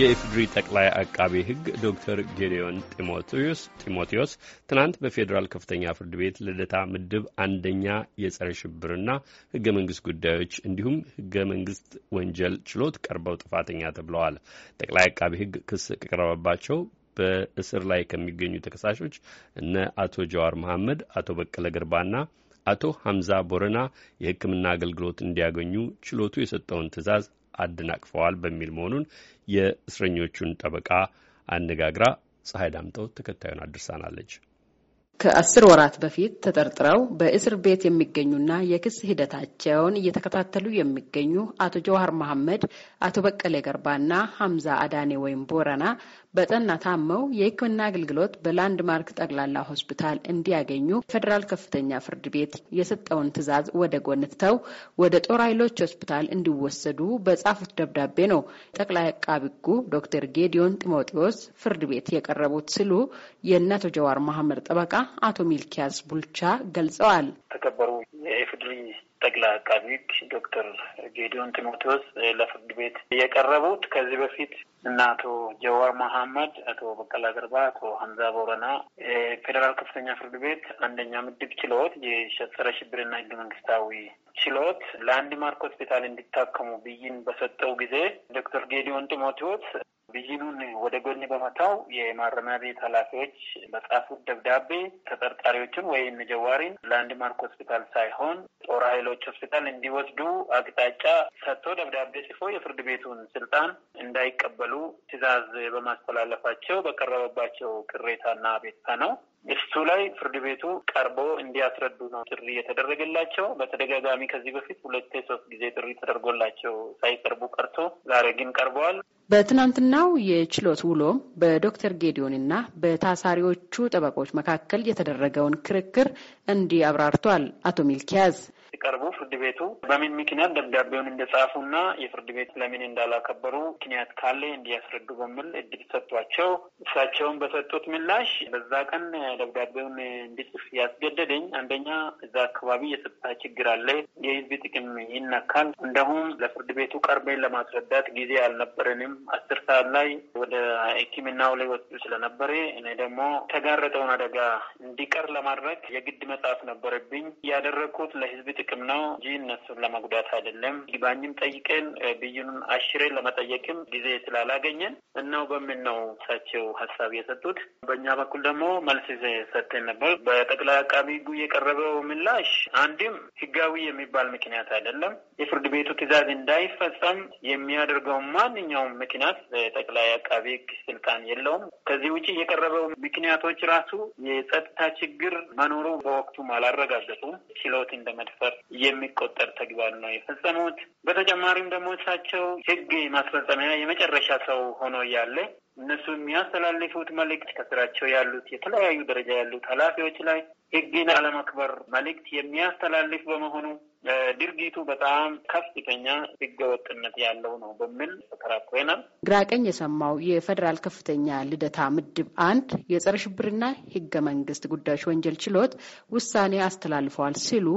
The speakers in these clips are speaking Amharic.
የኢፌዴሪ ጠቅላይ አቃቢ ሕግ ዶክተር ጌዲዮን ጢሞቴዎስ ጢሞቴዎስ ትናንት በፌዴራል ከፍተኛ ፍርድ ቤት ልደታ ምድብ አንደኛ የጸረ ሽብርና ሕገ መንግስት ጉዳዮች እንዲሁም ሕገ መንግስት ወንጀል ችሎት ቀርበው ጥፋተኛ ተብለዋል። ጠቅላይ አቃቢ ሕግ ክስ ከቀረበባቸው በእስር ላይ ከሚገኙ ተከሳሾች እነ አቶ ጀዋር መሐመድ፣ አቶ በቀለ ገርባና አቶ ሐምዛ ቦረና የሕክምና አገልግሎት እንዲያገኙ ችሎቱ የሰጠውን ትዕዛዝ አደናቅፈዋል በሚል መሆኑን የእስረኞቹን ጠበቃ አነጋግራ ፀሐይ ዳምጠው ተከታዩን አድርሳናለች። ከአስር ወራት በፊት ተጠርጥረው በእስር ቤት የሚገኙና የክስ ሂደታቸውን እየተከታተሉ የሚገኙ አቶ ጀዋር መሐመድ፣ አቶ በቀሌ ገርባና ሐምዛ አዳኔ ወይም ቦረና በጠና ታመው የሕክምና አገልግሎት በላንድማርክ ጠቅላላ ሆስፒታል እንዲያገኙ ፌዴራል ከፍተኛ ፍርድ ቤት የሰጠውን ትዕዛዝ ወደ ጎን ትተው ወደ ጦር ኃይሎች ሆስፒታል እንዲወሰዱ በጻፉት ደብዳቤ ነው ጠቅላይ አቃቢ ሕጉ ዶክተር ጌዲዮን ጢሞቴዎስ ፍርድ ቤት የቀረቡት ሲሉ የእነ አቶ ጀዋር መሐመድ ጠበቃ አቶ ሚልኪያስ ቡልቻ ገልጸዋል። ተከበሩ የኢፍድሪ ጠቅላይ አቃቢ ዶክተር ጌዲዮን ጢሞቴዎስ ለፍርድ ቤት የቀረቡት ከዚህ በፊት እና አቶ ጀዋር መሐመድ፣ አቶ በቀላ ገርባ፣ አቶ ሀምዛ ቦረና ፌዴራል ከፍተኛ ፍርድ ቤት አንደኛ ምድብ ችሎት የጸረ ሽብርና ህገ መንግስታዊ ችሎት ለአንድ ማርክ ሆስፒታል እንዲታከሙ ብይን በሰጠው ጊዜ ዶክተር ጌዲዮን ጢሞቴዎስ ቪዥኑን ወደ ጎን በመታው የማረሚያ ቤት ኃላፊዎች በጻፉት ደብዳቤ ተጠርጣሪዎችን ወይም ጀዋሪን ላንድማርክ ሆስፒታል ሳይሆን ጦር ኃይሎች ሆስፒታል እንዲወስዱ አቅጣጫ ሰጥቶ ደብዳቤ ጽፎ የፍርድ ቤቱን ስልጣን እንዳይቀበሉ ትዕዛዝ በማስተላለፋቸው በቀረበባቸው ቅሬታና ቤትታ ነው። እሱ ላይ ፍርድ ቤቱ ቀርቦ እንዲያስረዱ ነው ጥሪ የተደረገላቸው። በተደጋጋሚ ከዚህ በፊት ሁለት ሶስት ጊዜ ጥሪ ተደርጎላቸው ሳይቀርቡ ቀርቶ ዛሬ ግን ቀርበዋል። በትናንትናው የችሎት ውሎም በዶክተር ጌዲዮንና በታሳሪዎቹ ጠበቆች መካከል የተደረገውን ክርክር እንዲህ አብራርቷል አቶ ሚልኪያዝ ሲቀርቡ ፍርድ ቤቱ በምን ምክንያት ደብዳቤውን እንደጻፉና የፍርድ ቤት ለምን እንዳላከበሩ ምክንያት ካለ እንዲያስረዱ በሚል እድል ሰጥቷቸው እሳቸውን በሰጡት ምላሽ በዛ ቀን ደብዳቤውን እንዲጽፍ ያስገደደኝ አንደኛ እዛ አካባቢ የጸጥታ ችግር አለ፣ የህዝብ ጥቅም ይነካል፣ እንደሁም ለፍርድ ቤቱ ቀርበን ለማስረዳት ጊዜ አልነበረንም። አስር ሰዓት ላይ ወደ ሕክምናው ላይ ወጡ ስለነበረ እኔ ደግሞ ተጋረጠውን አደጋ እንዲቀር ለማድረግ የግድ መጽሐፍ ነበረብኝ። ያደረግኩት ለህዝብ ጥቅም ነው እንጂ እነሱን ለመጉዳት አይደለም። ይግባኝም ጠይቀን ብይኑን አሽሬን ለመጠየቅም ጊዜ ስላላገኘን እናው በምን ነው እሳቸው ሀሳብ የሰጡት። በእኛ በኩል ደግሞ መልስ ሰጥተን ነበር። በጠቅላይ አቃቢ ሕጉ የቀረበው ምላሽ አንድም ህጋዊ የሚባል ምክንያት አይደለም። የፍርድ ቤቱ ትዕዛዝ እንዳይፈጸም የሚያደርገው ማንኛውም ምክንያት ጠቅላይ አቃቢ ሕግ ስልጣን የለውም። ከዚህ ውጭ የቀረበው ምክንያቶች ራሱ የጸጥታ ችግር መኖሩ በወቅቱም አላረጋገጡም። ችሎት እንደመድፈር የሚቆጠር ተግባር ነው የፈጸሙት። በተጨማሪም ደግሞ እሳቸው ህግ ማስፈጸሚያ የመጨረሻ ሰው ሆኖ እያለ እነሱ የሚያስተላልፉት መልእክት ከስራቸው ያሉት የተለያዩ ደረጃ ያሉት ኃላፊዎች ላይ ህግን አለማክበር መልእክት የሚያስተላልፍ በመሆኑ ድርጊቱ በጣም ከፍተኛ ህገወጥነት ያለው ነው በሚል ተከራክረናል። ግራቀኝ የሰማው የፌዴራል ከፍተኛ ልደታ ምድብ አንድ የጸረ ሽብርና ህገ መንግስት ጉዳዮች ወንጀል ችሎት ውሳኔ አስተላልፈዋል ሲሉ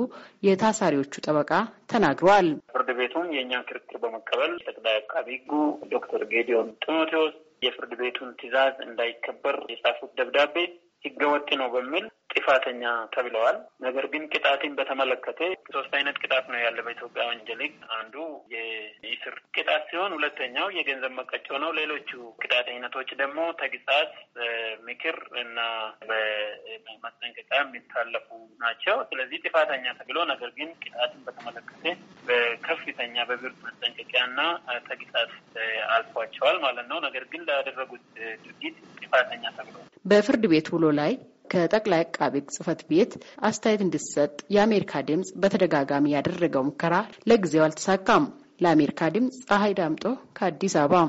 የታሳሪዎቹ ጠበቃ ተናግረዋል። ፍርድ ቤቱም የእኛ ክርክር በመቀበል ጠቅላይ አቃቢ ህጉ ዶክተር ጌዲዮን ጢሞቴዎስ የፍርድ ቤቱን ትዕዛዝ እንዳይከበር የጻፉት ደብዳቤ ህገወጥ ነው በሚል ጥፋተኛ ተብለዋል። ነገር ግን ቅጣትን በተመለከተ ሶስት አይነት ቅጣት ነው ያለ በኢትዮጵያ ወንጀል ሕግ። አንዱ የእስር ቅጣት ሲሆን ሁለተኛው የገንዘብ መቀጮ ነው። ሌሎቹ ቅጣት አይነቶች ደግሞ ተግሳጽ፣ ምክር እና በማስጠንቀቂያ የሚታለፉ ናቸው። ስለዚህ ጥፋተኛ ተብሎ ነገር ግን ቅጣትን በተመለከተ በከፍተኛ በብርድ ማስጠንቀቂያ እና ተግሳጽ አልፏቸዋል ማለት ነው። ነገር ግን ላደረጉት ድርጊት ጥፋተኛ ተብሎ በፍርድ ቤት ውሎ ላይ ከጠቅላይ አቃቤ ጽህፈት ቤት አስተያየት እንዲሰጥ የአሜሪካ ድምፅ በተደጋጋሚ ያደረገው ሙከራ ለጊዜው አልተሳካም። ለአሜሪካ ድምፅ ፀሐይ ዳምጦ ከአዲስ አበባ